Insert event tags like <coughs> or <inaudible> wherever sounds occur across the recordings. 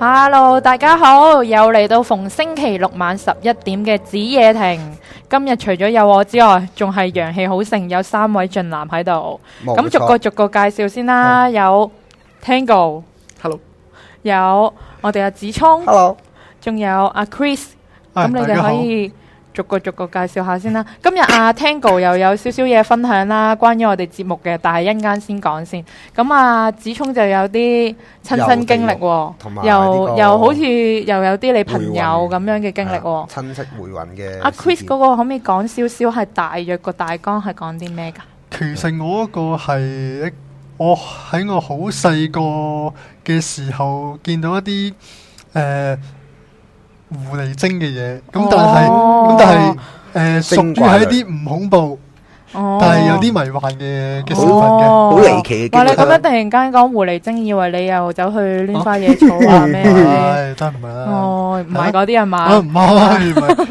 hello，大家好，又嚟到逢星期六晚十一點嘅子夜亭。今日除咗有我之外，仲係陽氣好盛，有三位俊男喺度。咁冇錯，逐個逐個介紹先啦，嗯、有 Tango，hello，有我哋阿子聰，hello，仲有阿 Chris，咁 Hi，你哋可以。逐個逐個介紹下先啦。今日啊 <coughs> Tango 又有少少嘢分享啦，關於我哋節目嘅，但係一陣間先講先。咁啊子聰就有啲親身經歷喎、哦，又又好似又有啲你朋友咁運樣嘅經歷喎、哦。親戚回魂嘅。阿、啊、Chris 嗰個可唔可以講少少係大約個大綱係講啲咩㗎？其實我個個係我喺我好細個嘅時候見到一啲誒。呃狐狸精嘅嘢，咁但係，咁但係，誒屬於係一啲唔恐怖。但係有啲迷幻嘅嘅成分嘅，好離奇。哇！你咁樣突然間講狐狸精，以為你又走去捻花惹草，好話咩？係都係唔係啦。哦，唔係嗰啲係咪？唔係唔係。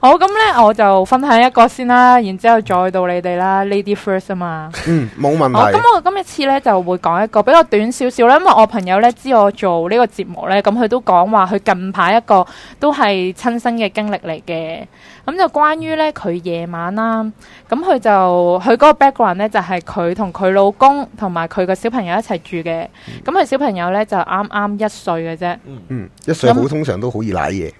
好，咁咧我就分享一個先啦，然之後再到你哋啦。Lady First 啊嘛。嗯，冇問題。咁我今日次咧就會講一個比較短少少咧，因為我朋友咧知我做呢個節目咧，咁佢都講話佢近排一個都係親身嘅經歷嚟嘅。咁就關於咧佢夜晚啦，咁佢就。就佢嗰個 background 咧，就係佢同佢老公同埋佢個小朋友一齊住嘅。咁佢、嗯、小朋友咧就啱啱一歲嘅啫。嗯，一歲好那通常都好易奶嘢。誒、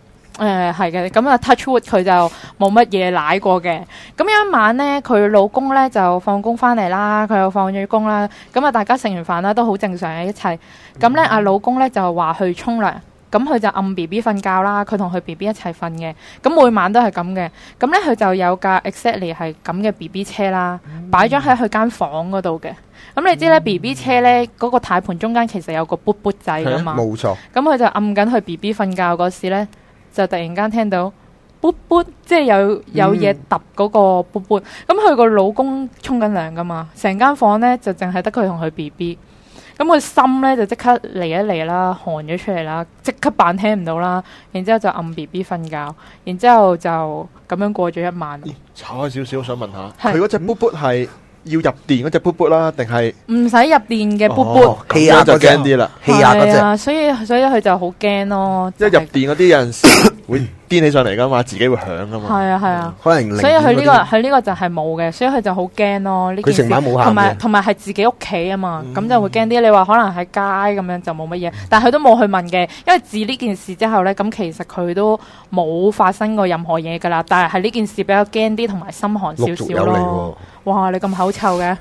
呃，係嘅。咁啊，touch wood 佢就冇乜嘢奶過嘅。咁有一晚咧，佢老公咧就放工翻嚟啦，佢又放咗工啦。咁啊，大家食完飯啦，都好正常嘅一切。咁咧，阿、嗯、老公咧就話去沖涼。咁佢就暗 B B 瞓覺啦，佢同佢 B B 一齊瞓嘅，咁每晚都係咁嘅。咁咧佢就有架 exactly 係咁嘅 B B 車啦，擺咗喺佢間房嗰度嘅。咁你知咧 B B 車咧嗰、嗰個軚盤中間其實有個卜卜仔噶嘛，冇錯。咁佢就暗緊佢 B B 瞓覺嗰時咧，就突然間聽到卜卜，即係、即係、有有嘢揼嗰個卜卜。咁佢個老公沖緊涼噶嘛，成間房咧就淨係得佢同佢 B B。咁佢心咧就即刻嚟一嚟啦，寒咗出嚟啦，即刻扮聽唔到啦，然之後就暗 B B 瞓覺，然之後就咁樣過咗一晚。扯開少少，想問下佢嗰隻 B B 係要入電嗰隻 B B 啦，定係唔使入電嘅 B B？氣壓就驚啲啦，氣壓嗰隻。所以所以佢就好驚咯。即係入電嗰啲有會癲起上嚟噶嘛，自己會響噶嘛。係啊係啊，啊可能所以佢呢、這個佢呢個就係冇嘅，所以佢就好驚咯。呢件同埋同埋係自己屋企啊嘛，咁、嗯、就會驚啲。你話可能喺街咁樣就冇乜嘢，但係佢都冇去問嘅。因為自呢件事之後咧，咁其實佢都冇發生過任何嘢噶啦。但係係呢件事比較驚啲，同埋心寒少少咯。哇，你咁口臭嘅？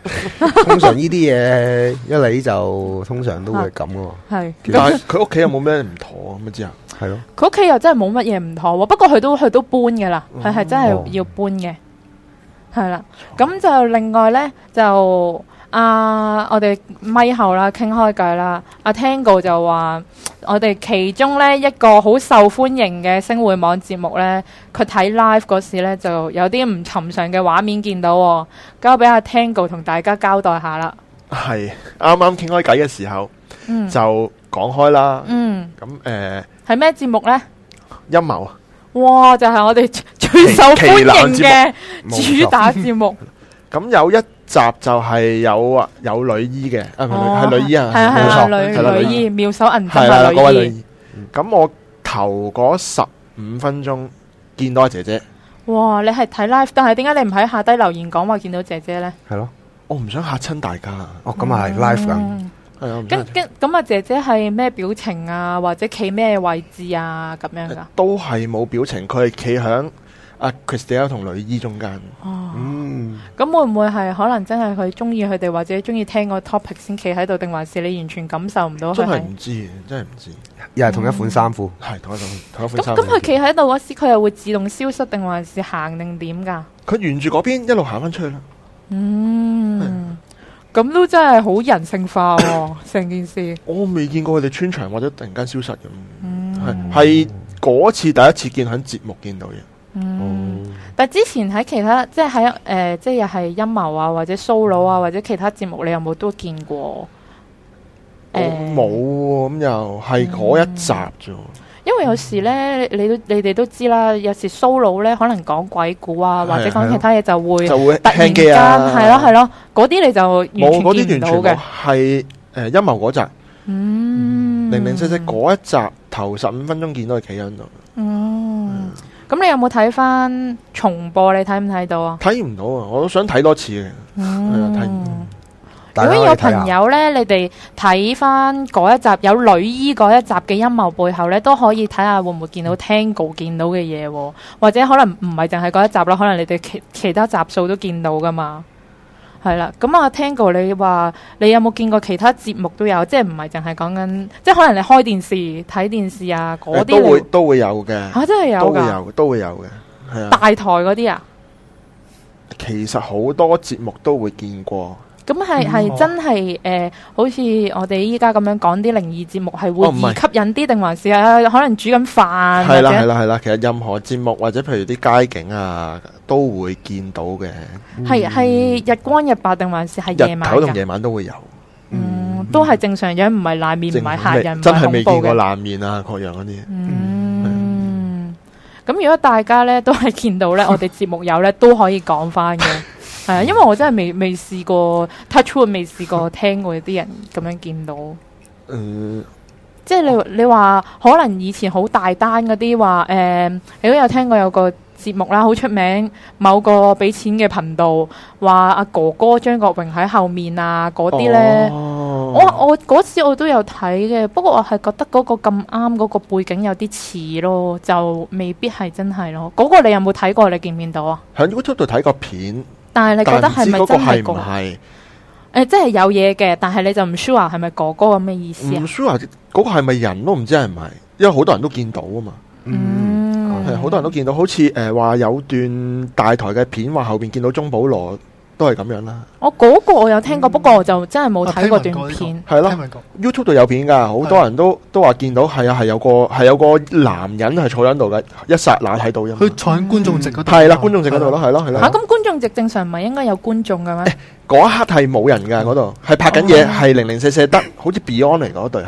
通常呢啲嘢一嚟就通常都會係咁啊。係，實但係佢屋企有冇咩唔妥咁啊？ <laughs> 唔知。係咯，佢屋企又真係冇乜嘢唔妥，不過佢都佢都搬嘅啦，佢係真係要搬嘅，係啦，嗯。咁、嗯、就另外呢，就啊，我哋咪後啦，傾開偈啦。阿 Tango 就話，我哋其中呢一個好受歡迎嘅星匯網節目呢，佢睇 live 嗰時呢就有啲唔尋常嘅畫面見到，喔，交俾阿 Tango 同大家交代下啦。係啱啱傾開偈嘅時候，嗯、就講開啦。嗯，咁誒。係咩節目呢？陰謀啊！哇，就係、是、我哋最受歡迎嘅主打節目。咁 <laughs> <laughs> 有一集就係有啊有女醫嘅啊，係女醫、哦、啊，係啊係啊，錯女的女醫妙手銀針位女醫。咁、嗯、我頭嗰十五分鐘見到阿姐姐。哇！你係睇 live，但係點解你唔喺下低留言講話見到姐姐呢？係咯，我唔想吓親大家。哦，咁係 live 咁。嗯跟跟咁啊，姐姐係咩表情啊，或者企咩位置啊，咁樣噶？都係冇表情，佢係企喺阿 Christa 同女醫中間。哦，嗯。咁會唔會係可能真係佢中意佢哋，或者中意聽個 topic 先企喺度，定還是你完全感受唔到真？真係唔知，真係唔知。又係同一款衫褲，係同一套，同一款衫褲。咁佢企喺度嗰時，佢又會自動消失，定還是行定點噶？佢沿住嗰邊一路行翻出去啦。嗯。咁都真係好人性化，成件事。我未見過佢哋穿牆或者突然間消失咁，係係嗰次第一次見喺節目見到嘅。嗯，嗯，但之前喺其他即係喺、誒，即係、呃、又係陰謀啊，或者 Solo 呀，啊，或者其他節目，你有冇都見過？我冇咁，又係嗰一集啫。因為有時咧，你都你哋都知啦。有時 solo 咧，可能講鬼故啊，或者講其他嘢就會突然間，係咯係咯，嗰啲、啊、你就冇嗰啲全全錄，係誒陰謀嗰集，嗯、零零四四嗰一集頭十五分鐘見到佢企喺度。哦、嗯，咁、嗯、你有冇睇翻重播？你睇唔睇到啊？睇唔到啊！我都想睇多次嘅，睇唔到。嗯以如果有朋友咧，你哋睇翻嗰一集有女醫嗰一集嘅陰謀背後咧，都可以睇下會唔會見到 Tango 見到嘅嘢，哦，或者可能唔係淨係嗰一集啦，可能你哋其其他集數都見到噶嘛。係啦，咁啊，Tango 你話你有冇見過其他節目都有，即係唔係淨係講緊，即係可能你開電視睇電視啊嗰啲，那些都會都會有嘅。吓真係有噶，都會有，都會有嘅，係啊。大台嗰啲啊，其實好多節目都會見過。咁係係真係誒、呃，好似我哋依家咁樣講啲靈異節目係會吸引啲定、哦、還是啊？可能煮緊飯，係啦係啦係啦。其實任何節目或者譬如啲街景啊，都會見到嘅。係係日光日白定還是係夜晚？日頭同夜晚都會有。嗯，都係正常樣，唔係爛面唔係客人，真係未見過爛面啊，各樣嗰啲。嗯，咁的如果大家咧都係見到咧，我哋節目有咧都可以講翻嘅。 <laughs> 係啊，因為我真係未未試過 touch wood，未試過聽過啲人咁樣見到、嗯。誒，即係你你話可能以前好大單嗰啲話誒，你都有聽過有個節目啦，好出名某個俾錢嘅頻道話阿哥哥張國榮喺後面啊，嗰啲咧，我那時我嗰時我都有睇嘅，不過我係覺得嗰個咁啱嗰個背景有啲似咯，就未必係真係咯。嗰、那個你有冇睇過？你見唔見到啊？喺 YouTube 度睇過片。但係你覺得係咪真係哥哥？誒不是、欸、即、就、係、是、有嘢嘅，但係你就唔 sure 話係咪哥哥咁嘅意思啊？唔 sure 話嗰、嗯嗰個係咪人都唔知係咪，因為好多人都見到啊嘛。嗯，係好多人都見到，好似誒話有段大台嘅片，話，後邊見到鍾保羅。都係咁樣啦。我嗰個我有聽過，不過我就真係冇睇過短片。係咯，YouTube 度有片噶好多人都都話見到係啊，係有個係有個男人係坐喺度嘅，一剎那喺度。佢坐喺觀眾席嗰度。係啦，觀眾席嗰度咯，係咯，係咯。吓，咁觀眾席正常唔係應該有觀眾噶咩？嗰一刻係冇人噶，嗰度係拍緊嘢，係零零四捨得，好似 Beyond 嚟，嗰對係。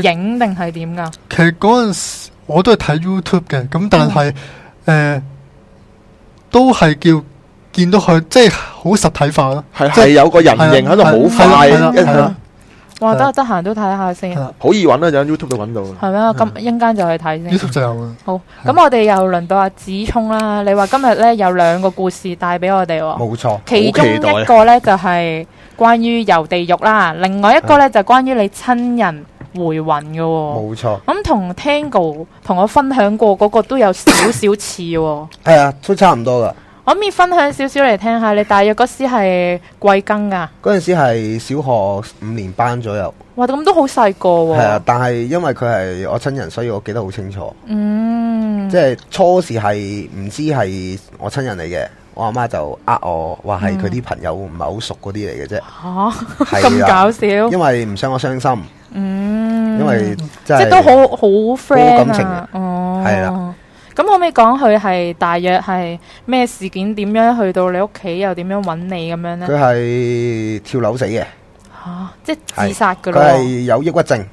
影定係點噶？其實嗰陣時我都係睇 YouTube 嘅，咁但係誒都係叫見到佢，即係好實體化咯。係係有個人形喺度，好快一哇！得得閒都睇下先，好易揾啦，就喺 YouTube 度揾到。係咪啊？咁一陣間就去睇先。YouTube 就有啦。好，咁我哋又輪到阿子聰啦。你話今日咧有兩個故事帶俾我哋，冇錯。其中一個咧就係關於遊地獄啦，另外一個咧就關於你親人。回魂嘅。哦，冇錯錯。咁同 Tango 同我分享過嗰個都有少少似。哦，係啊，都 <coughs> 差唔多噶。我可以分享少少嚟聽下，你大約嗰時係貴庚噶？嗰陣時係小學五年班左右。哇，咁都好細個。哦。係啊，但係因為佢係我親人，所以我記得好清楚。嗯，即係初時係唔知係我親人嚟嘅，我阿媽就呃我話係佢啲朋友唔係好熟嗰啲嚟嘅啫。吓、嗯，咁的搞笑。因為唔想我傷心。嗯，因為真的感的即係都好好 friend 感情、啊，哦，係啦了。咁可唔可以講佢係大約係咩事件？點樣去到你屋企？又點樣揾你咁樣咧？佢係跳樓死嘅，吓，即係自殺噶咯。佢係有抑鬱症，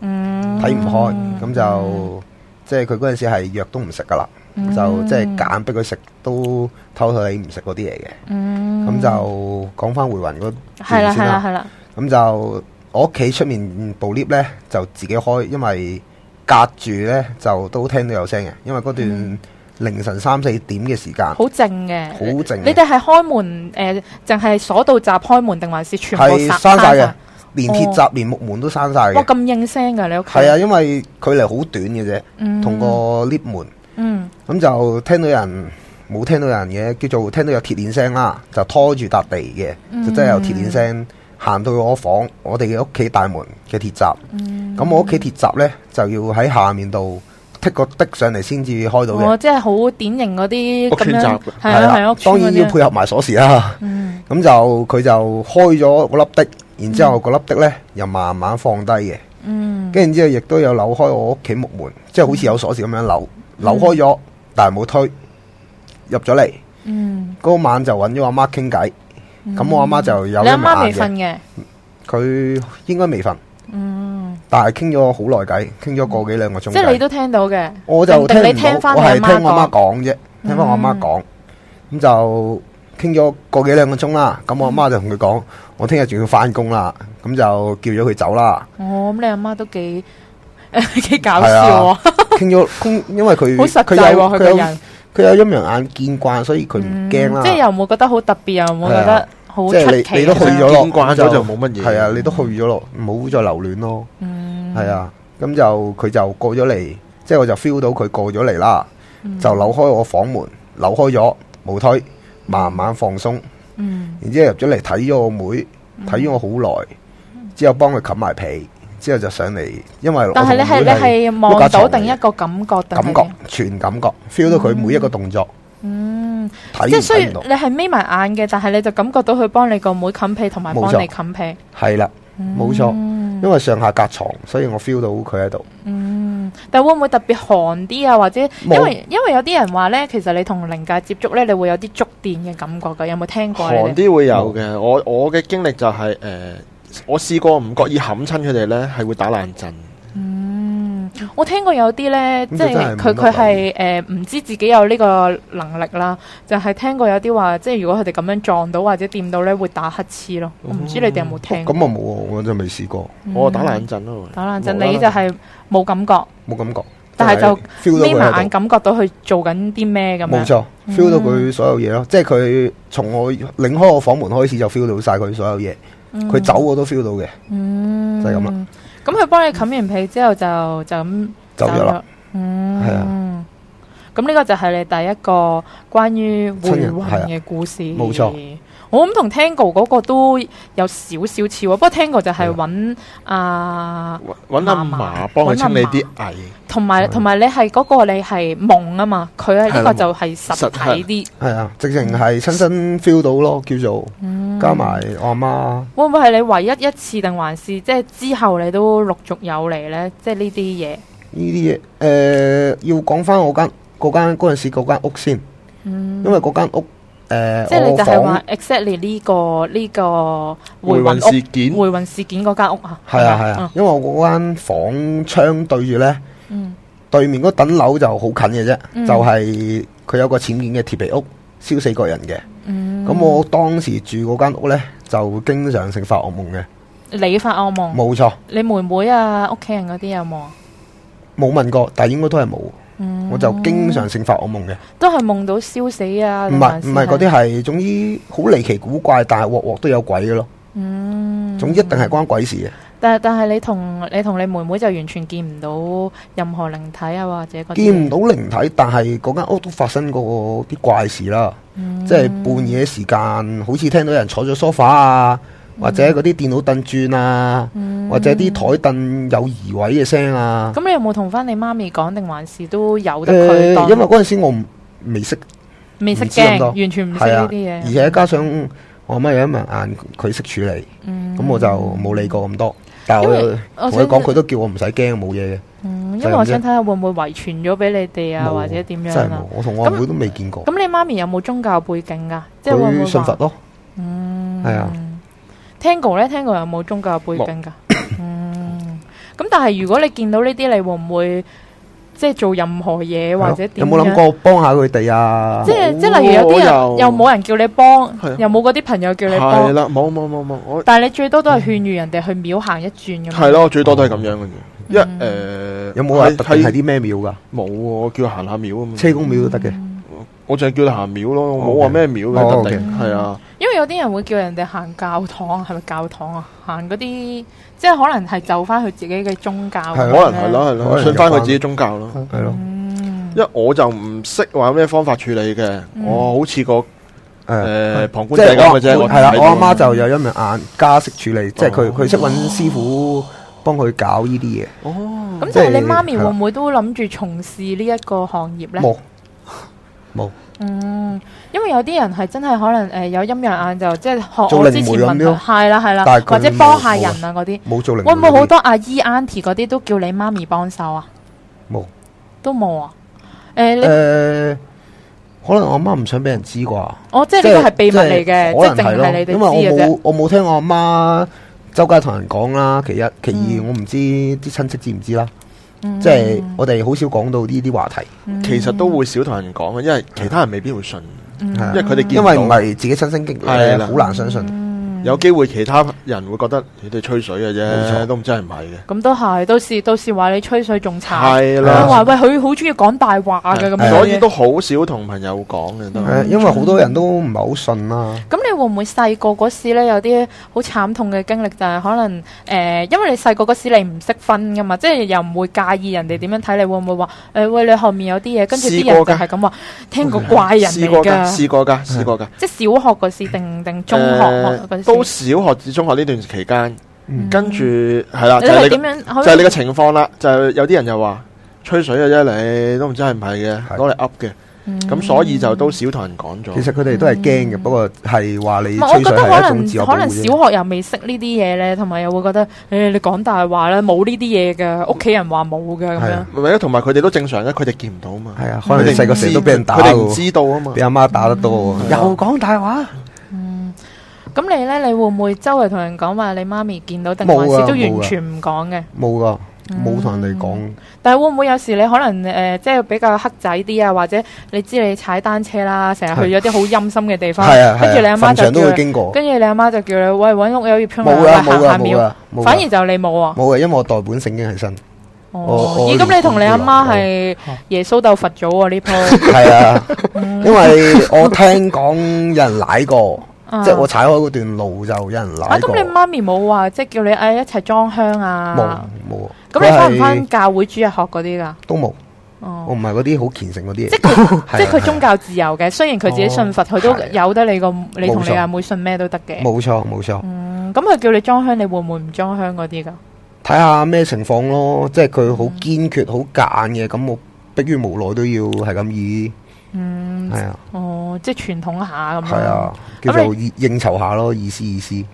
嗯，睇唔開，咁就即係佢嗰陣時係藥都唔食噶啦，就即係揀逼佢食，都偷偷哋唔食嗰啲嘢嘅，嗯，咁就講翻回，回魂嗰件事啦，咁就。我屋企出面部 lift 咧就自己開，因為隔住咧就都聽到有聲嘅，因為嗰段凌晨三四點嘅時間，好靜嘅，好靜。你哋係開門誒，淨係鎖到閘開門，定、呃、還是全部閂晒嘅？連鐵閘、哦、連木門都閂晒嘅。哇、哦，咁、哦、應聲嘅你屋企？係啊，因為距離好短嘅啫，嗯、同個 lift 門，咁、嗯、就聽到有人冇聽到有人嘅，叫做聽到有鐵鏈聲啦，就拖住笪地嘅，就真係有鐵鏈聲。嗯行到我房，我哋嘅屋企大門嘅鐵閘，咁我屋企鐵閘呢，就要喺下面度剔個的上嚟先至開到嘅。我即係好典型嗰啲咁係啦，當然要配合埋鎖匙啦。咁就佢就開咗個粒的，然之後嗰粒的呢，又慢慢放低嘅。跟住之後亦都有扭開我屋企木門，即係好似有鎖匙咁樣扭扭開咗，但係冇推入咗嚟。嗰晚就搵咗阿媽傾偈。咁我阿媽就有你阿媽未瞓嘅，佢應該未瞓。嗯，但係傾咗好耐偈，傾咗個幾兩個鐘。即係你都聽到嘅，我就聽唔到。我係聽我阿媽講啫，聽翻我阿媽講。咁就傾咗個幾兩個鐘啦。咁我阿媽就同佢講，我聽日仲要翻工啦。咁就叫咗佢走啦。我諗你阿媽都幾幾搞笑。傾咗，因為佢好實際，佢個人佢有陰陽眼見慣，所以佢唔驚啦。即係又冇覺得好特別，又冇覺得。即係你，你都去咗咯，慣咗就冇乜嘢。係啊，你都去咗咯，唔好再留戀咯。嗯，係啊，咁就佢就過咗嚟，即係我就 feel 到佢過咗嚟啦。嗯，就扭開我房門，扭開咗，冇推，慢慢放鬆。嗯，然之後入咗嚟睇咗我妹，睇咗我好耐，之後幫佢冚埋被，之後就上嚟，因為但係你係你係望到定一個感覺，感覺，全感覺 feel 到佢每一個動作。嗯。即係雖然你係眯埋眼嘅，但係你就感覺到佢幫你個妹冚被，同埋幫你冚被，係啦，冇錯，嗯，因為上下隔床，所以我 feel 到佢喺度。嗯，但會唔會特別寒啲啊？或者因為因為有啲人話咧，其實你同靈界接觸咧，你會有啲觸電嘅感覺噶？有冇聽過寒啲會有嘅，我我嘅經歷就係誒，我試過唔覺意冚親佢哋咧，係會打冷震。我聽過有啲咧，即係佢佢係誒，唔知自己有呢個能力啦。就係聽過有啲話，即係如果佢哋咁樣撞到或者掂到咧，會打乞嗤咯。我唔知你哋有冇聽過。咁啊冇啊，我真係未試過。我打冷震咯。打冷震，你就係冇感覺。冇感覺。但係就眯埋眼感覺到佢做緊啲咩咁。冇錯，feel 到佢所有嘢咯。即係佢從我擰開我房門開始，就 feel 到晒佢所有嘢。佢走我都 feel 到嘅。嗯，就係咁啦。咁佢幫你冚完被之後就就咁走咗啦。嗯，係啊。咁呢個就係你第一個關於回魂嘅故事。冇錯。我諗同 Tango 嗰個都有少少似，不過 Tango 就係搵的、啊、阿搵阿嫲幫佢清理啲危，同埋同埋你係嗰個你係夢啊嘛，佢係呢個就係實體啲，係啊，直情係親身 feel 到咯，叫做、嗯、加埋我阿媽。會唔會係你唯一一次，定還是即係之後你都陸續有嚟咧？即係呢啲嘢，呢啲嘢，誒、呃，要講翻我間嗰間嗰陣時嗰間屋先，嗯，因為嗰間屋。誒，呃、即係你就係話 exactly 呢、這個呢、這個回魂事件，回魂事件嗰間屋啊，係啊係啊，啊嗯、因為我嗰間房窗對住咧，對面嗰等樓就好近嘅啫，嗯、就係佢有個淺件嘅鐵皮屋，燒死個人嘅。咁、嗯、我當時住嗰間屋咧，就經常性發惡夢嘅。你發惡夢？冇錯。你妹妹啊，屋企人嗰啲有冇？冇問過，但係應該都係冇。我就經常性發惡夢嘅，都係夢到燒死啊！唔係唔係嗰啲，係是總之好離奇古怪，但係鑊鑊都有鬼嘅咯。嗯，總之一定係關鬼事嘅。但但係你同你同你妹妹就完全見唔到任何靈體啊，或者嗰啲見唔到靈體，但係嗰間屋都發生過啲怪事啦。嗯、即係半夜時間，好似聽到有人坐咗梳化啊，或者嗰啲電腦凳轉啊。嗯或者啲台凳有移位嘅聲啊！咁你有冇同翻你媽咪講，定還是都有得佢？因為嗰陣時我未識，未識驚，完全唔識呢啲嘢。而且加上我媽咪有陰陽眼，佢識處理，咁我就冇理過咁多。但係我我同佢講，佢都叫我唔使驚，冇嘢嘅。嗯，因為我想睇下會唔會遺傳咗俾你哋啊，或者點樣啊？我同我妹都未見過。咁你媽咪有冇宗教背景噶？即係信佛咯？嗯，係啊。Tango 咧，Tango 有冇宗教背景噶？咁但係如果你見到呢啲，你會唔會即係做任何嘢，或者點？有冇諗過幫下佢哋啊？即係即係，例如有啲人又冇人叫你幫，又冇嗰啲朋友叫你幫。係啦，冇冇冇冇，我。但係你最多都係勸喻人哋去廟行一轉咁。係咯，最多都係咁樣嘅。一誒，有冇話睇係啲咩廟噶？冇，我叫行下廟啊嘛，車公廟都得嘅。我就係叫行廟咯，冇話咩廟嘅特定。係啊。因為有啲人會叫人哋行教堂，係咪教堂啊？行嗰啲。即係可能係就翻佢自己嘅宗教，可能係咯，係咯，信翻佢自己宗教咯，係咯。因為我就唔識話有咩方法處理嘅，我好似個誒旁觀者咁嘅啫。係啦，我阿媽就有一名眼加色處理，即係佢佢識搵師傅幫佢搞呢啲嘢。哦，咁就係你媽咪會唔會都諗住從事呢一個行業咧？冇冇。嗯，因為有啲人係真係可能誒、呃、有陰陽眼就即係學我之前問啦，係啦係啦，概或者幫下人啊嗰啲，會唔會好多阿姨、auntie 嗰啲都叫你媽咪幫手啊？冇，沒有 都冇啊。誒、欸呃，可能我媽唔想俾人知啩。哦，即係呢個係秘密嚟嘅，即係淨係你哋知嘅啫。因為我冇我冇聽我阿媽周街同人講啦。其一其二，嗯、我唔知啲親戚知唔知啦。即係我哋好少講到呢啲話題，嗯、其實都會少同人講嘅，因為其他人未必會信，嗯、因為佢哋見唔到，因為唔係自己親身經歷，好的難相信。的有機會其他人會覺得你哋吹水嘅啫，都唔知係唔係嘅。咁都係，到時到時話你吹水仲慘。係啦，話喂佢好鍾意講大話嘅咁。很所以都好少同朋友講嘅對都是。因為好多人都唔係好信啦、啊。咁你會唔會細個嗰時咧有啲好慘痛嘅經歷？就係、是、可能誒、呃，因為你細個嗰時你唔識分㗎嘛，即、就、係、是、又唔會介意人哋點樣睇你會唔會。會唔會話誒？喂，你後面有啲嘢跟住啲人就係咁話，過聽個怪人嚟㗎。試過㗎，試過㗎，即係小學嗰時定定中學,學的都小學至中學呢段期間，跟住係啦，就係你個情況啦。就係有啲人又話吹水嘅啫，你都唔知係唔係嘅，攞嚟噏嘅。咁所以就都少同人講咗。其實佢哋都係驚嘅，不過係話你吹水係一種自我保護。可能小學又未識呢啲嘢咧，同埋又會覺得誒，你講大話啦，冇呢啲嘢嘅，屋企人話冇嘅咁樣。唔係啊，同埋佢哋都正常嘅，佢哋見唔到啊嘛。係啊，可能你細個死都俾人打，佢哋唔知道啊嘛，俾阿媽打得多。又講大話。咁你咧，你會唔會周圍同人講話？你媽咪見到定陣時都完全唔講嘅？冇㗎，冇同人哋講。但係會唔會有時你可能誒，即係比較黑仔啲啊，或者你知你踩單車啦，成日去咗啲好陰森嘅地方，跟住你阿媽就，都會經過跟住你阿媽就叫你，喂，搵屋有要出嚟吓？反而就你冇啊，冇啊，因為我代本聖經起身。哦。咦，咁你同你阿媽係耶穌鬥佛祖啊？呢鋪。係啊，因為我聽講有人奶過。即係我踩開嗰段路就有人鬧。咁你媽咪冇話即係叫你誒一齊裝香啊？冇冇。咁你翻唔翻教會主日學嗰啲噶？都冇。哦，我唔係嗰啲好虔誠嗰啲嘢。即係佢宗教自由嘅，雖然佢自己信佛，佢都有得你個你同你阿妹信咩都得嘅。冇錯冇錯。咁佢叫你裝香，你會唔會唔裝香嗰啲噶？睇下咩情況咯，即係佢好堅決好揀嘅，咁我迫於無奈都要係咁以。嗯，係啊，哦，即係傳統下咁樣，係啊，叫做應酬下咯，你意思意思。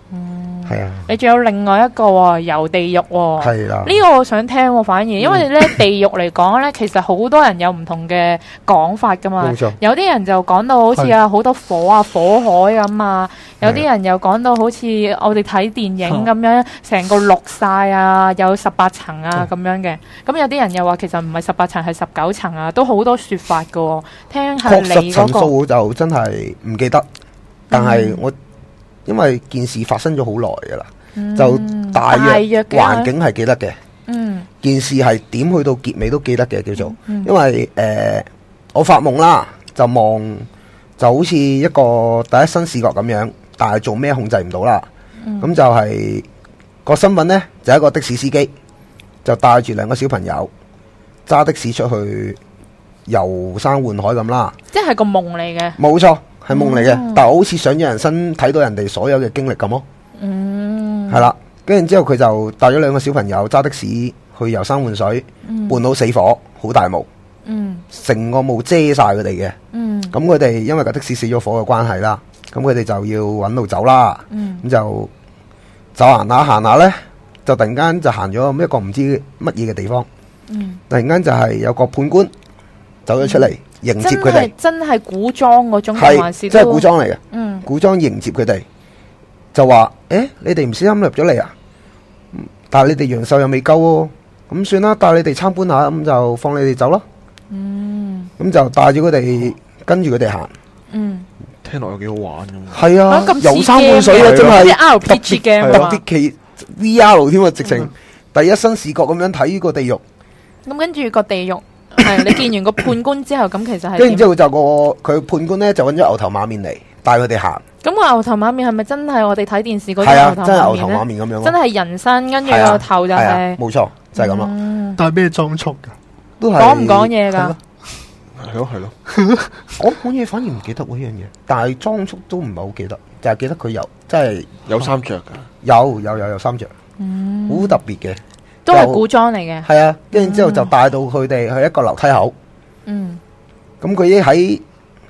你仲有另外一個喎、哦，遊地獄喎、哦，呢是的 個我想聽、哦，反而因為咧、嗯、地獄嚟講咧，其實好多人有唔同嘅講法噶嘛，沒錯 有啲人就講到好似有好多火啊、火海咁啊，有啲人又講到好似我哋睇電影咁樣，成是的 個綠晒啊，有十八層啊咁樣嘅，咁是的 有啲人又話其實唔係十八層係十九層啊，都好多說法噶、哦，聽下你嗰、那個。確實，層數我就真係唔記得，但係我。嗯因為件事發生咗好耐噶啦，嗯、就大約環境係記得嘅。嗯，件事係點去到結尾都記得嘅，叫做、嗯嗯、因為誒、呃，我發夢啦，就望就好似一個第一身視覺咁樣，但係做咩控制唔到啦？咁、嗯、就係、是那個身份呢，就是、一個的士司機就帶住兩個小朋友揸的士出去遊山玩海咁啦。即係個夢嚟嘅，冇錯。係夢嚟嘅，但係好似想嘅人生睇到人哋所有嘅經歷咁咯。嗯、mm，係、hmm. 啦，跟住之後佢就帶咗兩個小朋友揸的士去遊山玩水，半路、mm hmm. 死火，好大霧。嗯、mm，成、hmm. 個霧遮晒佢哋嘅。嗯、mm，咁佢哋因為架的士死咗火嘅關係啦，咁佢哋就要揾路走啦。嗯、mm，咁、hmm. 就，就走行下行下咧，就突然間就行咗一個唔知乜嘢嘅地方。嗯、mm，hmm. 突然間就係有個判官走咗出嚟。Mm hmm. 迎接佢哋，真係古裝嗰種，還是真係古裝嚟嘅。嗯，古裝迎接佢哋，就話，誒，你哋唔小心入咗嚟啊！但係你哋陽壽又未夠哦，咁算啦，帶你哋參觀下，咁就放你哋走咯。嗯，咁就帶住佢哋跟住佢哋行。嗯，聽落又幾好玩咁。係啊，遊山玩水啊，即係啲 R P G 鏡，得啲企 V R 添啊，直情第一身視覺咁樣睇呢個地獄。咁跟住個地獄。係 <laughs> 你見完個判官之後，咁其實係跟住之後就、嗰個佢判官咧，就搵咗牛頭馬面嚟帶佢哋行。咁個牛頭馬面係咪真係我哋睇電視嗰啲、啊、牛頭馬面咧？真係、啊、人身跟住個頭就係、是。冇錯、啊啊，就係、是、咁、嗯、但戴咩裝束噶、啊？講唔講嘢噶？係咯係咯。講 <laughs> 本嘢反而唔記得喎呢樣嘢，但係裝束都唔係好記得，就係、是、記得佢有真係、就是、有三着噶，有有有有三着，好、嗯、特別嘅。都係古裝嚟嘅，係啊，跟住之後就帶到佢哋去一個樓梯口。嗯，咁佢已經喺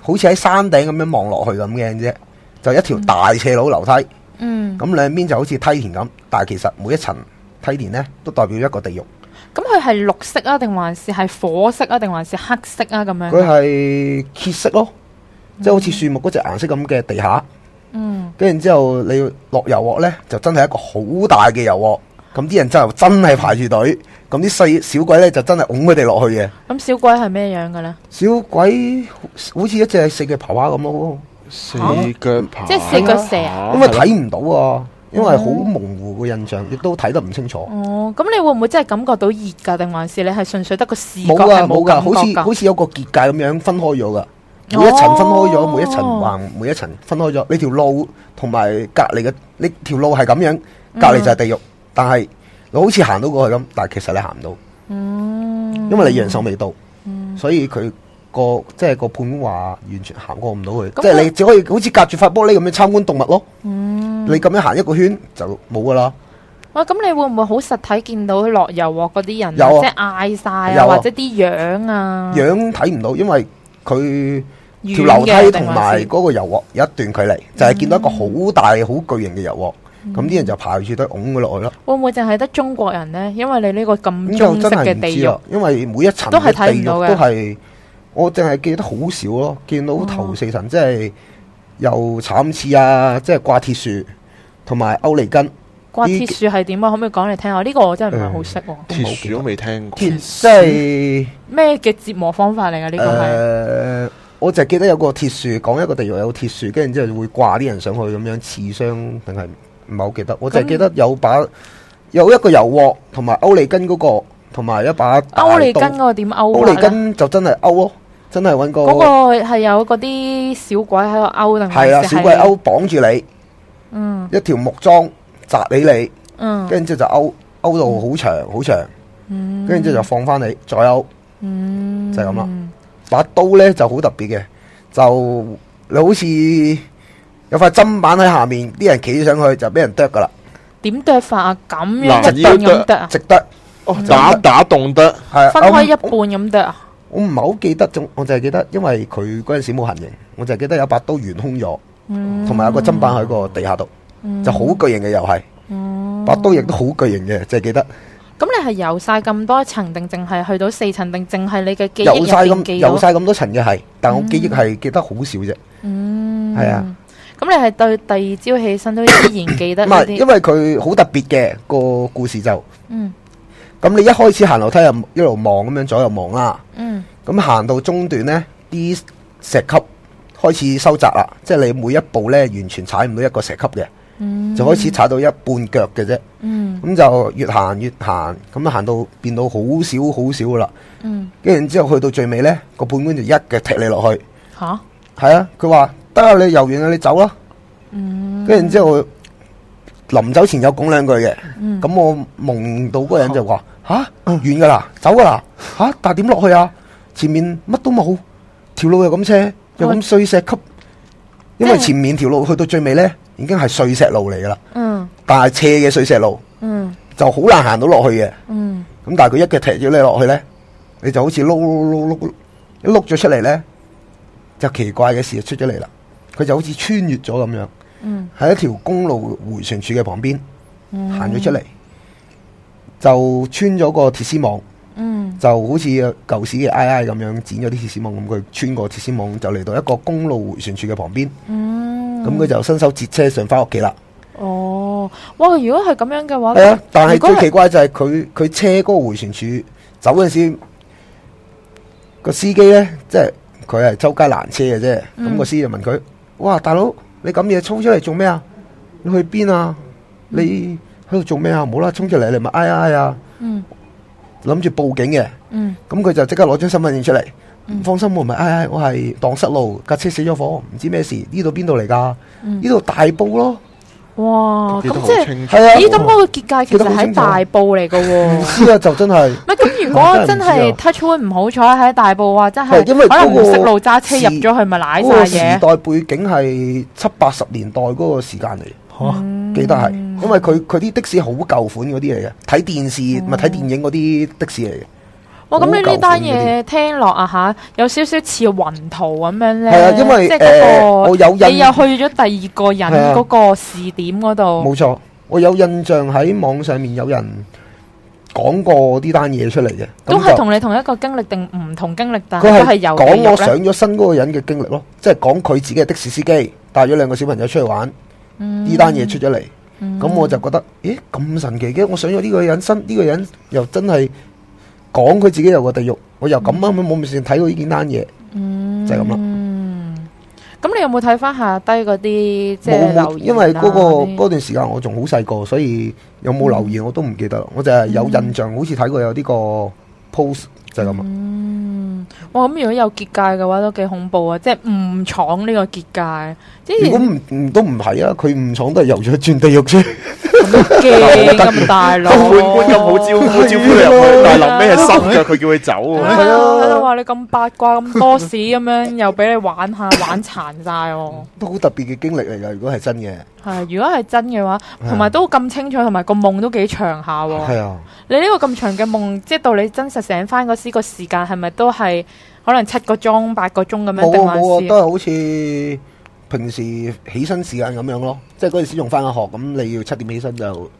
好似喺山頂咁樣望落去咁嘅啫，就一條大斜路樓梯。嗯，咁兩邊就好似梯田咁，但係其實每一層梯田咧都代表一個地獄。咁佢係綠色啊，定還是係火色啊，定還是黑色啊？咁樣，佢係褐色咯，即係好似樹木嗰隻顏色咁嘅地下。嗯，跟住之後你落油鑊咧，就真係一個好大嘅油鑊。咁啲人真係真係隊小鬼就真係排住隊，咁啲細小鬼咧就真係拱佢哋落去嘅。咁小鬼係咩樣嘅咧？小鬼好似一隻四腳爬爬咁咯，四腳爬即係四腳蛇。蛤因為睇唔到啊，因為好模糊嘅印象，亦、嗯、都睇得唔清楚。哦，咁你會唔會真係感覺到熱噶？定還是你係純粹得個視覺係冇感覺？冇啊，冇噶，好似好似有個結界咁樣分開咗噶，每一層分開咗、哦，每一層橫，每一層分開咗。呢條路同埋隔籬嘅，呢條路係咁樣，隔籬就係地獄。嗯但係你好似行到過去咁，但係其實你行唔到，嗯、因為你人手未到，嗯、所以佢、那個即係個判官話完全行過唔到去，嗯、即係你只可以好似隔住塊玻璃咁樣參觀動物咯。嗯、你咁樣行一個圈就冇噶啦。哇、啊！咁你會唔會好實體見到落油鑊嗰啲人，即係嗌晒啊，或者啲樣啊？樣睇唔到，因為佢條樓梯同埋嗰個油鑊有一段距離，是就係見到一個好大好巨型嘅油鑊。嗯。咁啲、嗯、人就排住都拱佢落去咯。會唔會淨係得中國人呢？因為你呢個咁中式嘅地獄，因為每一層都係睇唔到嘅。都係我淨係記得好少咯。見到頭四層、哦、即係又慘刺啊，即係掛鐵樹同埋歐尼根。掛鐵樹係點啊？嗯、可唔可以講嚟聽下、啊？呢、呢個我真係唔係好識。鐵樹都未聽過。鐵即係咩嘅折磨方法嚟噶？呢、呃、個係我淨係記得有個鐵樹，講一個地獄有鐵樹，跟住之後會掛啲人上去咁樣刺傷定係？唔係好記得，我就記得有把有一個油鑊，同埋勾脷根嗰個，同埋一把勾脷根嗰個點勾啊？勾脷根就真係勾咯，真係搵個。嗰個係有嗰啲小鬼喺度勾定係？啊，小鬼勾，綁住你，嗯，一條木樁砸你你，嗯，跟住就勾，勾到好長好長，跟住就放翻你再勾，嗯，就係咁啦。把刀咧就好特別嘅，就，就你好似。有塊砧板喺下面，啲人企上去就俾人剁噶啦。點剁法啊？咁樣一咁得啊？值得、哦、打打洞剁？係啊是，分開一半咁剁啊？我唔係好記得，仲我就係記得，因為佢嗰陣時冇行刑，我就係記得有把刀懸空咗，同埋、嗯、有個砧板喺個地下度，嗯、就好巨型嘅遊戲，嗯、把刀亦都好巨型嘅，就係記得。咁、嗯、你係遊晒咁多層，定淨係去到四層，定淨係你嘅記憶遊？遊晒咁遊晒咁多層嘅係，但我記憶係記得好少啫、嗯。嗯，係啊。咁你係對第二朝起身都依然記得，因為佢好特別嘅、個故事就，嗯，咁你一開始行樓梯又一路望咁樣左右望啦，嗯，咁行到中段呢，啲石級開始收窄啦，即係你每一步呢，完全踩唔到一個石級嘅，嗯、就開始踩到一半腳嘅啫，嗯，咁就越行越行，咁行到變到好少好少噶啦，嗯，跟住然後之後去到最尾呢，個判官就一腳踢你落去，吓，係啊，佢話、啊。得啦、啊，你遊完啦，你走啦、啊。嗯，跟然之後臨走前有講兩句嘅。嗯，咁我夢到嗰個人就話：吓好，遠噶啦，走噶啦。吓、啊，但係點落去啊？前面乜都冇，條路又咁斜，我又咁碎石級。因為前面條路去到最尾咧，嗯、已經係碎石路嚟噶啦。嗯。但係斜嘅碎石路。嗯。就好難行到落去嘅。嗯。咁但係佢一腳踢咗你落去咧，你就好似碌碌碌碌，一碌咗出嚟咧，就奇怪嘅事就出咗嚟啦。佢就好似穿越咗咁樣，喺一條公路迴旋處嘅旁邊行咗出嚟，就穿咗個鐵絲網，就好似舊時嘅 I I 咁樣剪咗啲鐵絲網咁，佢穿過鐵絲網就嚟到一個公路迴旋處嘅旁邊，咁佢、嗯、就伸手截車上翻屋企啦。哦，哇！如果係咁樣嘅話，係啊，但係怪最奇怪就係佢佢車嗰個迴旋處走嗰陣時，個司機咧，即係佢係周街攔車嘅啫，咁個司機就問佢。哇，大佬，你咁嘢衝出嚟做咩啊？你去邊啊？你喺度做咩啊？唔好啦，衝出嚟你咪哎呀哎呀，諗住報警嘅。咁佢、嗯、就即刻攞張身份證出嚟，放心我唔係挨挨，我唔咪哎哎，我係蕩失路，架車死咗火，唔知咩事，呢度邊度嚟㗎？呢度、嗯、大埔咯。哇！咁即係呢種嗰個結界其實喺大埔嚟噶，唔知啊就真係。咪咁 <laughs> <laughs> 如果真係 touch one 唔好彩喺大埔啊，真係可能唔識路揸車入咗去咪瀨晒嘢。嗰個時代背景係七八十年代嗰個時間嚟，吓、啊、記得係，因為佢佢啲的士好舊款嗰啲嚟嘅，睇電視唔係睇、嗯、電影嗰啲的士嚟。我咁、哦、你呢單嘢聽落啊吓，有少少似雲圖咁樣咧。係啊，因為即、那個呃、我有印，你又去咗第二個人嗰個視點嗰度。冇錯，我有印象喺網上面有人講過呢單嘢出嚟嘅。都係同你同一個經歷定唔同經歷？但佢係有講我上咗身嗰個人嘅經歷咯，即係講佢自己係的,的士司機，帶咗兩個小朋友出去玩。呢單嘢出咗嚟，咁、嗯、我就覺得，咦，咁神奇嘅！我上咗呢個人身，呢、這個人又真係。講佢自己有個地獄，我又咁啱冇冇事睇過呢件單嘢，就係咁啦。咁你有冇睇翻下低嗰啲？冇，因為嗰、嗰個些段時間我仲好細個，所以有冇留意、嗯、我都唔記得啦。我就係有印象，嗯、好似睇過有呢個 post 就係咁啦。哇，咁如果有結界嘅話都幾恐怖啊！即係誤闖呢個結界，即如果唔都唔係啊，佢誤闖都係遊咗轉地獄啫。嘅咁大佬判官咁好招呼，招呼你入去，但係臨尾係收噶，佢叫佢走。係啊，話你咁八卦咁多事咁樣，又俾你玩下玩殘晒喎，都好特別嘅經歷嚟噶，如果係真嘅。係，如果係真嘅話，同埋都咁清楚，同埋個夢都幾長下。係啊，你呢個咁長嘅夢，即係到你真實醒翻嗰時個時間，係咪都係可能七個鐘八個鐘咁樣？定？都好似？平時起身時間咁樣咯，即係嗰陣時仲返緊學，咁你要七點起身就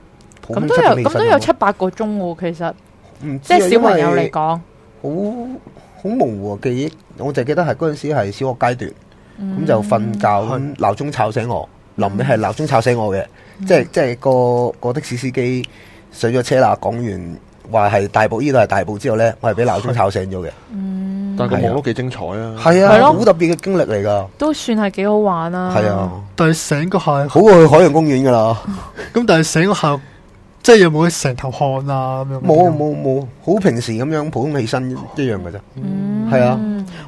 起，咁都有咁都有七八個鐘喎、啊，其實，即係小朋友嚟講，為為好好模糊、啊、記憶，我就記得係嗰陣時係小學階段，咁、嗯、就瞓覺，鬧鐘吵醒我，臨尾係鬧鐘吵醒我嘅、嗯，即係即係個個的士司機上咗車啦，講完。話係大埔，呢度係大埔。之後咧，我係俾鬧鐘吵醒咗嘅。嗯，但係個夢都幾精彩啊，係啊，好特別嘅經歷嚟噶，都算係幾好玩啊。係啊，但係醒個下好過去海洋公園噶啦。咁但係醒個下，即係有冇成頭汗啊咁樣？冇冇冇，好平時咁樣，普通起身一樣噶啫。嗯，係啊。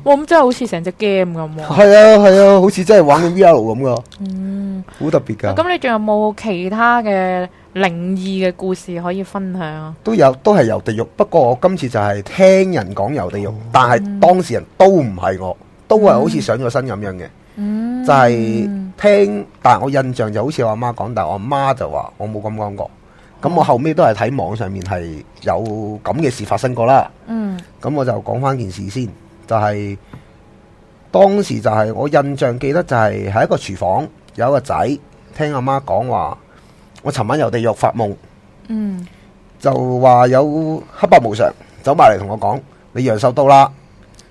我咁真係好似成隻 game 咁。係啊，係啊，好似真係玩緊 VR 咁噶。嗯，好特別噶。咁你仲有冇其他嘅？靈異嘅故事可以分享？啊，都都有，都係遊地獄，不過我今次就係聽人講遊地獄，哦、但係當事人都唔係我，都係好似上咗身咁樣嘅。嗯嗯、就係聽，但係我印象就好似我阿媽講，但係我阿媽就話我冇咁講過，咁、嗯、我後尾都係睇網上面係有咁嘅事發生過啦，咁、嗯、我就講翻件事先，就係、是、當時就係、是、我印象記得就係喺一個廚房有一個仔聽阿媽講話。我尋晚由地獄發夢，就話有黑白無常走埋嚟同我講：你陽壽到啦，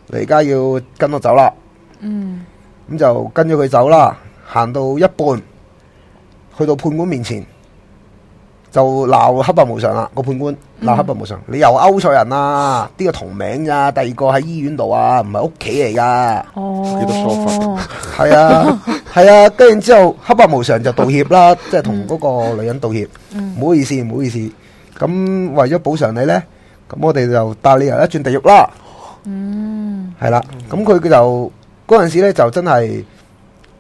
你而家要跟我走啦。咁就跟咗佢走啦，行到一半，去到判官面前，就鬧黑白無常啦個判官。嗱，黑白無常，你又勾錯人啦！呢個同名㗎，第二個喺醫院度啊，唔係屋企嚟㗎。哦，幾多疏忽？係啊，係啊，跟住之後，黑白無常就道歉啦，即係同嗰個女人道歉。唔 <laughs> 好意思，唔好意思。咁為咗補償你呢，咁我哋就帶你入一轉地獄啦。嗯， <laughs> 係啦。咁佢就嗰陣時呢就真係～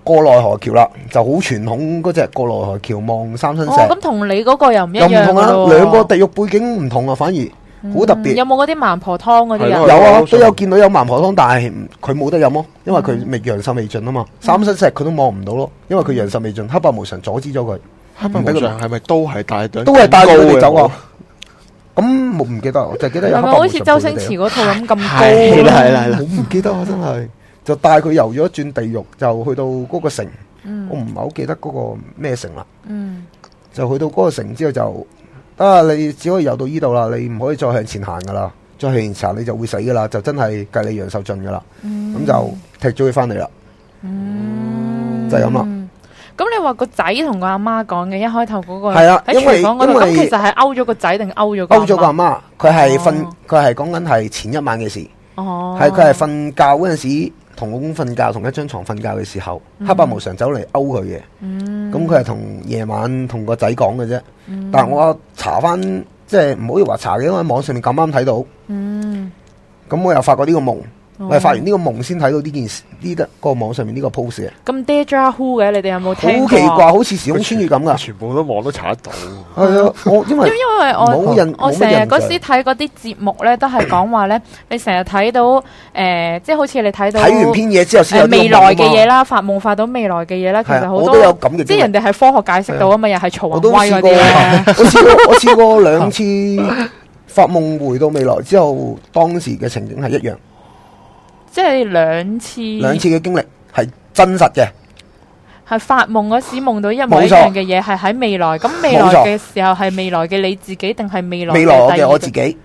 過奈河橋啦，就好傳統嗰隻過奈河橋望三生石。咁同、哦、你嗰個又唔一樣又唔同啊？兩個地獄背景唔同啊，反而好特別、嗯。有冇嗰啲盲婆湯嗰啲人啊？有啊，都有見到有盲婆湯，但係佢冇得飲咯，因為佢未陽壽未盡啊嘛。嗯、三生石佢都望唔到咯，因為佢陽壽未盡，嗯、黑白無常阻止咗佢。黑白無常係咪都係帶隊？都係帶路啊。咁 <laughs> 我唔記得是是啊，就 <laughs> 記得。係咪好似周星馳嗰套咁咁高？係啦，係啦，我唔記得我真係。就帶佢游咗一轉地獄，就去到嗰個城，嗯、我唔係好記得嗰個咩城啦。嗯、就去到嗰個城之後就，就啊，你只可以遊到呢度啦，你唔可以再向前行噶啦，再向前行你就會死噶啦，就真係計你楊受盡噶啦。咁、嗯、就踢咗佢翻嚟啦，嗯就係咁啦。咁你話個仔同個阿媽講嘅，一開頭嗰、嗰個係啊，喺廚的房嗰度咁，因為其實係勾咗個仔定勾咗勾咗個阿媽？佢係瞓，佢係講緊係前一晚嘅事，係佢係瞓覺嗰陣時。同老公瞓覺，同一張床瞓覺嘅時候，嗯、黑白無常走嚟勾佢嘅，咁佢係同夜晚同個仔講嘅啫。嗯、但係我查翻，即係唔可以話查嘅，因為網上面咁啱睇到，咁、嗯、我又發過呢個夢。係發完呢個夢先睇到呢件事，呢得個網上面呢個 post 啊。咁 deja vu 嘅，你哋有冇睇？好奇怪，好似時空穿越咁噶。全部都望都查得到。係啊，我因為冇人，我成日嗰時睇嗰啲節目咧，都係講話咧，你成日睇到誒，即係好似你睇睇完篇嘢之後，先有未來嘅嘢啦，發夢發到未來嘅嘢啦。其實我都有咁嘅。即係人哋係科學解釋到啊，嘛，又係曹雲輝嗰我試過，我試過兩次發夢回到未來之後，當時嘅情景係一樣。即係你兩次兩次嘅經歷係真實嘅，係發夢嗰時夢到一模一樣嘅嘢，係喺未來咁未來嘅時候係未來嘅你自己定係未來未來嘅我自己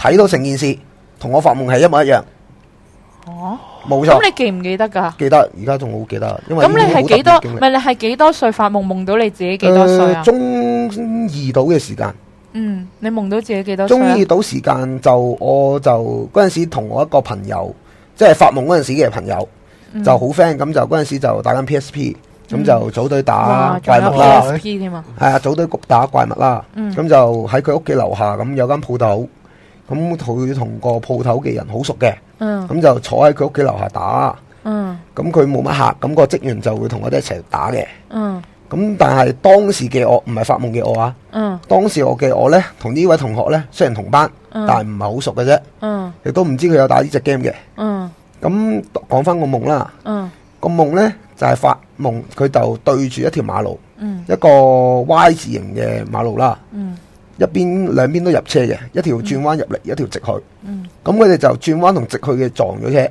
睇到成件事同我發夢係一模一樣。哦，冇錯。咁你記唔記得㗎？記得，而家仲好記得，因為咁你係幾多？咪你係幾多歲發夢夢到你自己幾多歲啊？中二度嘅時間，嗯，你夢到自己幾多歲？中二度時間就我就嗰陣時同我一個朋友。即係發夢嗰陣時嘅朋友，就好 friend，咁就嗰陣時就打緊 PSP，咁就組隊打怪物啦 PSP 添嘛，係、嗯嗯、啊，組隊局打怪物啦，咁、嗯、就喺佢屋企樓下咁有間鋪頭，咁佢同個鋪頭嘅人好熟嘅，咁就坐喺佢屋企樓下打，咁佢冇乜客，咁個職員就會同我哋一齊打嘅。嗯嗯。咁但係當時嘅我唔係發夢嘅我啊，當時我嘅我呢，同呢位同學呢，雖然同班，但係唔係好熟嘅啫，亦都唔知佢有打呢隻 game 嘅。咁講翻個夢啦，個夢呢就係發夢，佢就對住一條馬路，一個 Y 字形嘅馬路啦，一邊兩邊都入車嘅，一條轉彎入嚟，一條直去，咁佢哋就轉彎同直去嘅，撞咗車，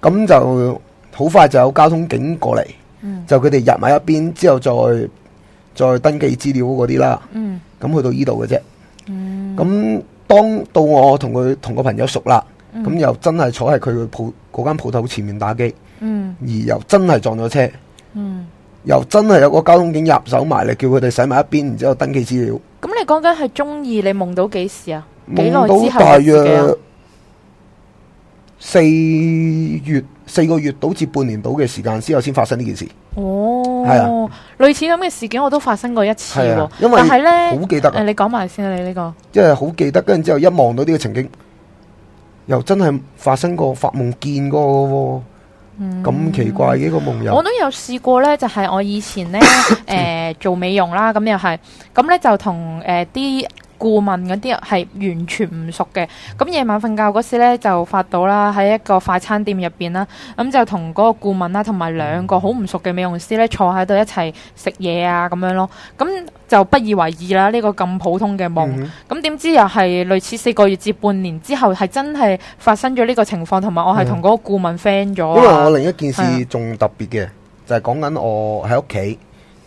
咁就好快就有交通警過嚟。就佢哋入埋一邊之後再，再再登記資料嗰啲啦。咁、嗯、去到呢度嘅啫。咁、嗯、當到我同佢同個朋友熟啦，咁、嗯、又真係坐喺佢嘅鋪嗰間鋪頭前面打機，嗯、而又真係撞咗車，嗯、又真係有個交通警入手埋嚟，叫佢哋使埋一邊，然之後登記資料。咁你講緊係中意你夢到幾時啊？夢到大約四月。四個月到至半年到嘅時間之後先發生呢件事。哦，係啊，類似咁嘅事件我都發生過一次。啊、因為好記得、啊，誒，你講埋先啊，你呢、這個，即係好記得，跟住之後一望到呢個情景，又真係發生過，發夢見過、啊，咁、嗯、奇怪嘅一個夢遊。我都有試過咧，就係、是、我以前咧，誒、 <laughs> 呃、做美容啦，咁又係，咁咧就同誒啲。呃顧問嗰啲係完全唔熟嘅，咁夜晚瞓覺嗰時咧就發到啦，喺一個快餐店入邊啦，咁就同嗰個顧問啦，同埋兩個好唔熟嘅美容師咧坐喺度一齊食嘢啊咁樣咯，咁就不以為意啦呢、這個咁普通嘅夢，咁點、嗯、知又係類似四個月至半年之後係真係發生咗呢個情況，同埋我係同嗰個顧問 friend 咗、嗯，因為我另一件事仲特別嘅、啊、就係講緊我喺屋企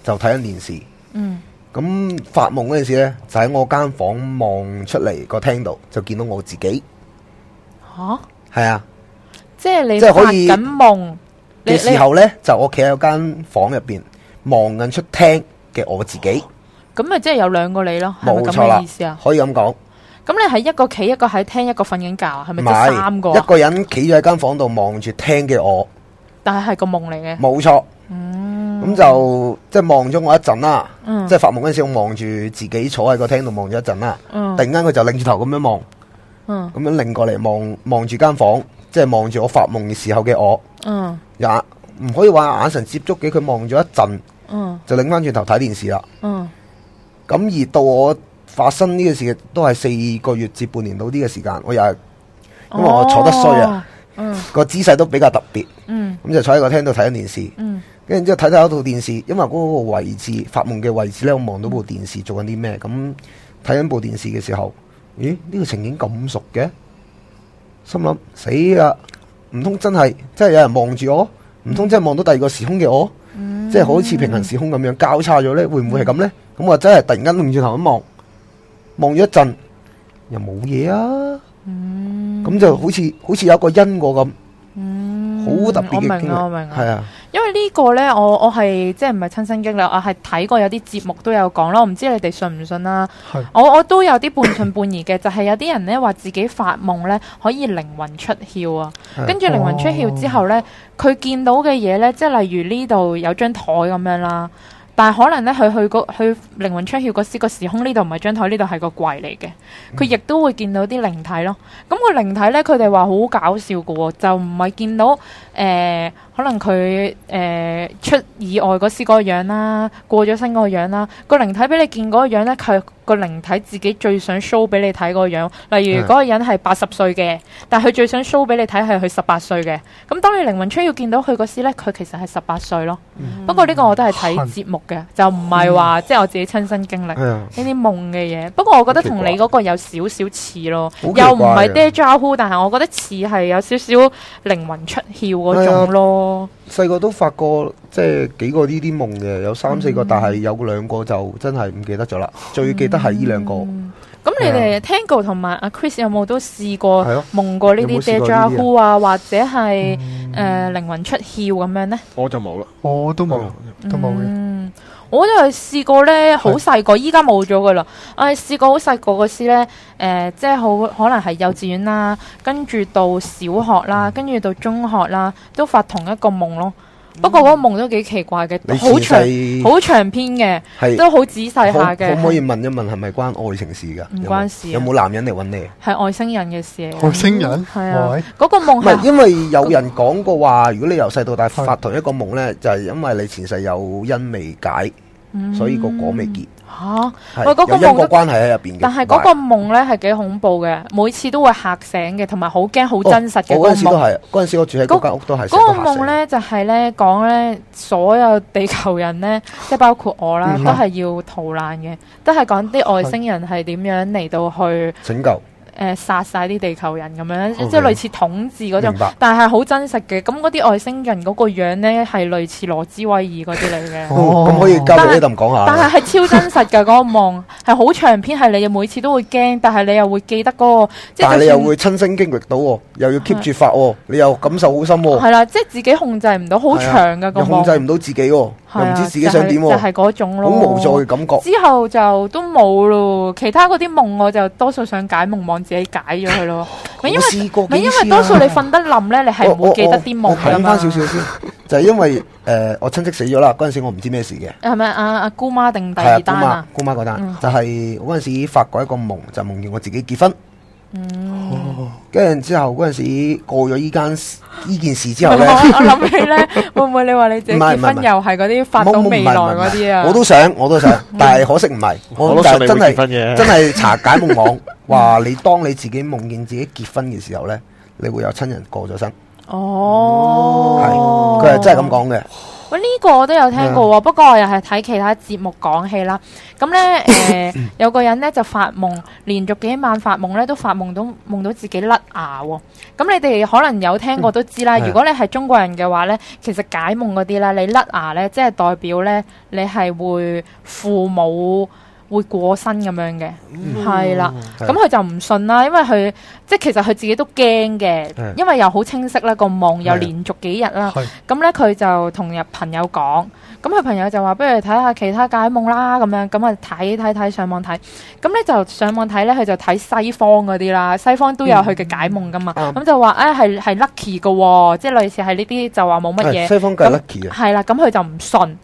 就睇緊電視。嗯咁發夢嗰件事咧，就喺我間房望出嚟個廳度，就見到我自己。吓，係啊，啊即係是你即係可以緊夢嘅時候咧，就我企喺間房入邊望緊出廳嘅我自己。咁咪即係有兩個你咯，係咪咁意思啊？可以咁講。咁你係一個企，一個喺廳，一個瞓緊覺，係咪三個？一個人企咗喺間房度望住廳嘅我，但係係個夢嚟嘅，冇錯錯。嗯。咁就即係望咗我一陣啦，嗯、即係發夢嗰陣時，我望住自己坐喺個廳度望咗一陣啦。突然間佢就擰住頭咁樣望，咁樣擰過嚟望望住間房，即係望住我發夢嘅時候嘅我。唔、嗯、可以話眼神接觸嘅，佢望咗一陣，嗯、就擰翻轉頭睇電視啦。咁、嗯、而到我發生呢件事嘅都係四個月至半年到啲嘅時間，我又係因為我坐得衰啊，個、哦嗯、姿勢都比較特別。咁、嗯、就坐喺個廳度睇電視。嗯跟住之後睇睇一套電視，因為嗰個位置發夢嘅位置咧，我望到部電視做緊啲咩？咁睇緊部電視嘅時候，咦？呢、這個情景咁熟嘅，心諗死啦，唔通真係真係有人望住我？唔通真係望到第二個時空嘅我？嗯、即係好似平行時空咁樣交叉咗咧？會唔會係咁咧？咁、嗯、我真係突然間擰轉頭一望，望咗一陣又冇嘢啊，咁、嗯、就好似好似有一個因果咁，好、嗯、特別嘅經歷係啊。因為呢個呢，我我係即係唔係親身經歷，我係睇過有啲節目都有講啦，我唔知你哋信唔信啦、啊。是我我都有啲半信半疑嘅，就係、是、有啲人呢話自己發夢呢可以靈魂出竅啊，的跟住靈魂出竅之後呢，佢、哦、見到嘅嘢呢，即係例如呢度有張台咁樣啦，但係可能呢，佢去個去靈魂出竅嗰時個時空呢度唔係張台，呢度係個櫃嚟嘅，佢亦都會見到啲靈體咯。咁、那個靈體呢，佢哋話好搞笑噶，就唔係見到。誒、呃、可能佢誒、呃、出意外嗰時嗰個樣啦，過咗身嗰個樣啦，個靈體俾你見個樣咧，佢個靈體自己最想 show 俾你睇個樣，例如嗰個人係八十歲嘅，Yeah. 但係佢最想 show 俾你睇係佢十八歲嘅。咁當你靈魂出竅見到佢時咧，佢其實係十八歲咯。Mm. 不過呢個我都係睇節目嘅，mm. 就唔係話即係我自己親身經歷呢啲夢嘅嘢。不過我覺得同你嗰個有少少似咯，又唔係 deja vu，但係我覺得似係有少少靈魂出竅。係啊，細個都發過即係幾個呢啲夢嘅，有三四個，嗯、但係有兩個就真係唔記得咗啦。嗯、最記得係呢兩個。咁、嗯嗯、你哋 Tango 同埋阿 Chris 有冇都試過夢過呢啲 deja vu 啊，或者係誒靈魂出竅咁樣呢？我就冇啦，我都冇，都冇嘅。我都係試過咧，好細個，依家冇咗㗎啦。我、哎、係試過好細個嗰時咧、呃，即係好可能係幼稚園啦，跟住到小學啦，跟住到中學啦，都發同一個夢咯。不過嗰個夢都幾奇怪嘅，好、嗯、長，好前長篇嘅，是都好仔細下嘅。可唔可以問一問，係咪關愛情事㗎？唔關事、啊。有冇男人嚟揾你？係外星人嘅事、啊。外星人係啊。嗰、嗰個夢係因為有人講過話，如果你由細到大發同一個夢呢，是就係因為你前世有因未解。所以嗰個果未結吓，嗰個夢都關係喺入邊，但係嗰個夢咧係幾恐怖嘅，每次都會吓醒嘅，同埋好驚、好、哦、真實嘅。我嗰時都係，嗰、那、陣、個、時我住喺間屋都係嗰、那個夢咧、那個，就係咧講咧所有地球人咧，即係包括我啦，都係要逃難嘅，都係講啲外星人係點樣嚟到去拯救。誒，殺晒啲地球人咁樣，即係類似統治嗰種，Okay. 但係好真實嘅。咁嗰啲外星人嗰個樣咧，係類似羅茲威爾嗰啲嚟嘅。咁可以交俾你咁講下。但係係超真實嘅嗰、嗰個夢。 <laughs> 係好長篇，係你又每次都會驚，但係你又會記得嗰個。但係你又會親身經歷到，又要 keep 住發，你又感受好深。係啦，即係自己控制唔到，好長嘅咁。又控制唔到自己，又唔知自己想點。就係嗰種咯，好無助嘅感覺。之後就都冇咯，其他嗰啲夢我就多數想解夢，望自己解咗佢咯。因為因為多數你瞓得冧咧，你係唔會記得啲夢噶嘛。諗翻，少少先，就係因為誒，我親戚死咗啦，嗰陣時我唔知咩事嘅。係咪阿阿姑媽定第二單啊？姑媽嗰單。係嗰陣時發過一個夢，就夢、是、見我自己結婚。哦、嗯，跟住之後嗰陣時過咗呢間呢件事之後咧，我諗起咧，會唔會你話你自己結婚又係嗰啲發到未來啲啊？我都想，我都想，但係可惜唔係。我都想你結婚嘅，真係查解夢網，話 <laughs> 你當你自己夢見自己結婚嘅時候咧，你會有親人過咗身。哦，係佢係真係咁講嘅。呢、哦呢個我都有聽過喎、哦，Yeah. 不過我又係睇其他節目講起啦。咁呢，誒、呃， <laughs> 有個人呢就發夢，連續幾晚發夢呢都發夢到夢到自己甩牙喎、哦。咁你哋可能有聽過都知啦。Yeah. 如果你係中國人嘅話呢，其實解夢嗰啲咧，你甩牙呢，即係代表呢，你係會父母，會過身咁樣嘅，係啦、嗯，咁佢的、嗯、就唔信啦，因為佢即係其實佢自己都驚嘅，的因為又好清晰啦個夢，又連續幾日啦，咁咧佢就同入朋友講，咁佢的朋友就話不如睇下其他解夢啦咁樣，咁啊睇睇睇上網睇，咁咧就上網睇咧，佢就睇西方嗰啲啦，西方都有佢嘅解夢噶嘛，咁、嗯、就話誒係係 lucky 嘅喎，即係類似係呢啲就話冇乜嘢西方解 l 係啦，咁佢就唔信，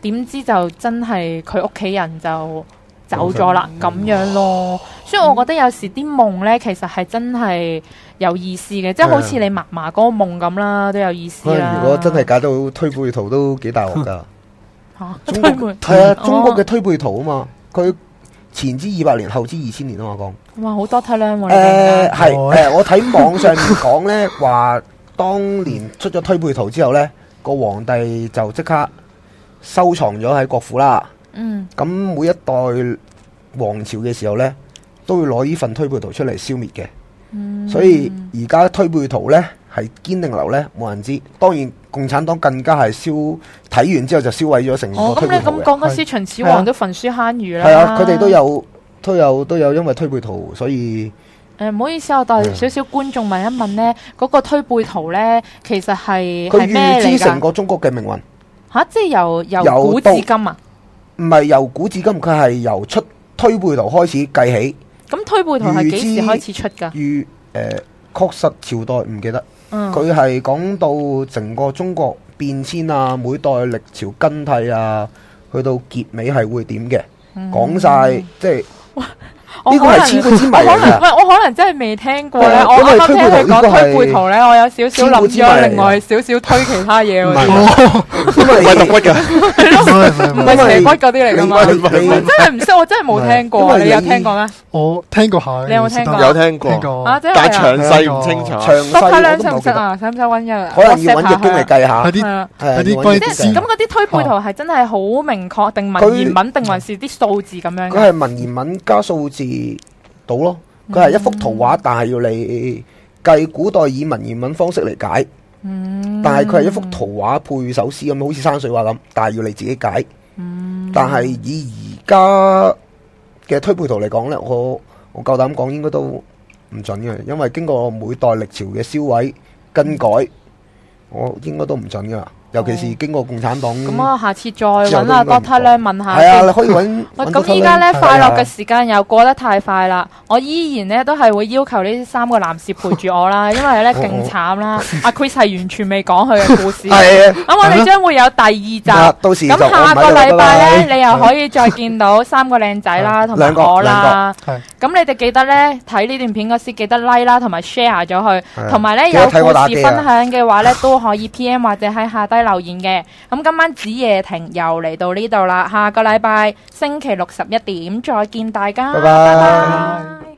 點知就真係佢屋企人就，走咗啦，咁樣咯，所以我覺得有時啲夢呢，其實係真係有意思嘅。嗯、即係好似你嫲嫲嗰個夢咁啦，都有意思啊！如果真係搞到推背圖都幾大鑊噶， <laughs> 啊、國推背係啊，中國嘅推背圖啊嘛，佢、哦、前之二百年，後之二千年啊嘛講哇，好多睇量喎！誒，係、呃呃、我睇網上面講呢，話， <laughs> 當年出咗推背圖之後呢，個皇帝就即刻收藏咗喺國庫啦。嗯，咁每一代王朝嘅時候呢，都會攞呢份推背圖出嚟消滅嘅。嗯，所以而家推背圖呢，係堅定流呢，冇人知。當然共產黨更加係燒，睇完之後就銷毀咗成個推背圖咁、哦、你咁講嗰時秦是始皇都焚書坑儒啦。係啊，佢哋、啊、都有都有都有因為推背圖，所以誒唔、呃、好意思，我代少少觀眾問一問呢，嗰、哎、呀個推背圖呢，其實係未知成個中國嘅命運吓、啊，即係由，由古至今啊！唔係由古至今，佢係由出推背圖開始計起。咁推背圖係幾時開始出噶？于誒，確、呃、確實朝代唔記得。佢係講到整個中國變遷啊，每代歷朝更替啊，去到結尾係會點嘅，講晒即係。哇。呢個係千古之謎，我可能真係未聽過咧，我啱啱聽佢講推背圖咧，我有少少諗住另外少少推其他嘢。唔係，唔係揼骨㗎，唔係蛇骨嗰啲嚟㗎嘛。我真係唔識，我真係冇聽過。你有聽過咩？我聽過下，你有冇聽過？有聽過？但係詳細唔清楚，詳細兩唔識啊！使唔使揾人？可能要揾個工嚟計下。係啊，係啊，即係咁，嗰啲推背圖係真係好明確，定文言文定還是啲數字咁樣？佢係文言文加數字。到咯，佢係一幅圖畫，但係要你繼古代以文言文方式嚟解，但係佢係一幅圖畫配首詩咁，好似山水畫咁，但係要你自己解。但係以而家嘅推背圖嚟講呢，我我夠膽講應該都唔準嘅，因為經過每代歷朝嘅銷毀更改，我應該都唔準噶。尤其是經過共產黨，咁我下次再揾阿郭太亮問下。係啊，你可以。咁依家咧，快樂嘅時間又過得太快啦，我依然咧，都係會要求呢三個男士陪住我啦，因為咧，更慘啦，阿 Chris 係完全未講佢嘅故事。咁我哋將會有第二集。咁下個禮拜咧，你又可以再見到三個靚仔啦，同埋我啦。咁你哋記得咧，睇呢段片嘅時記得 like 啦，同埋 share 咗佢，同埋咧，有故事分享嘅話，咧，都可以 PM 或者喺下低，留言嘅，咁今晚子夜亭又嚟到呢度啦，下個禮拜星期六十一點再見大家，拜拜 bye。Bye bye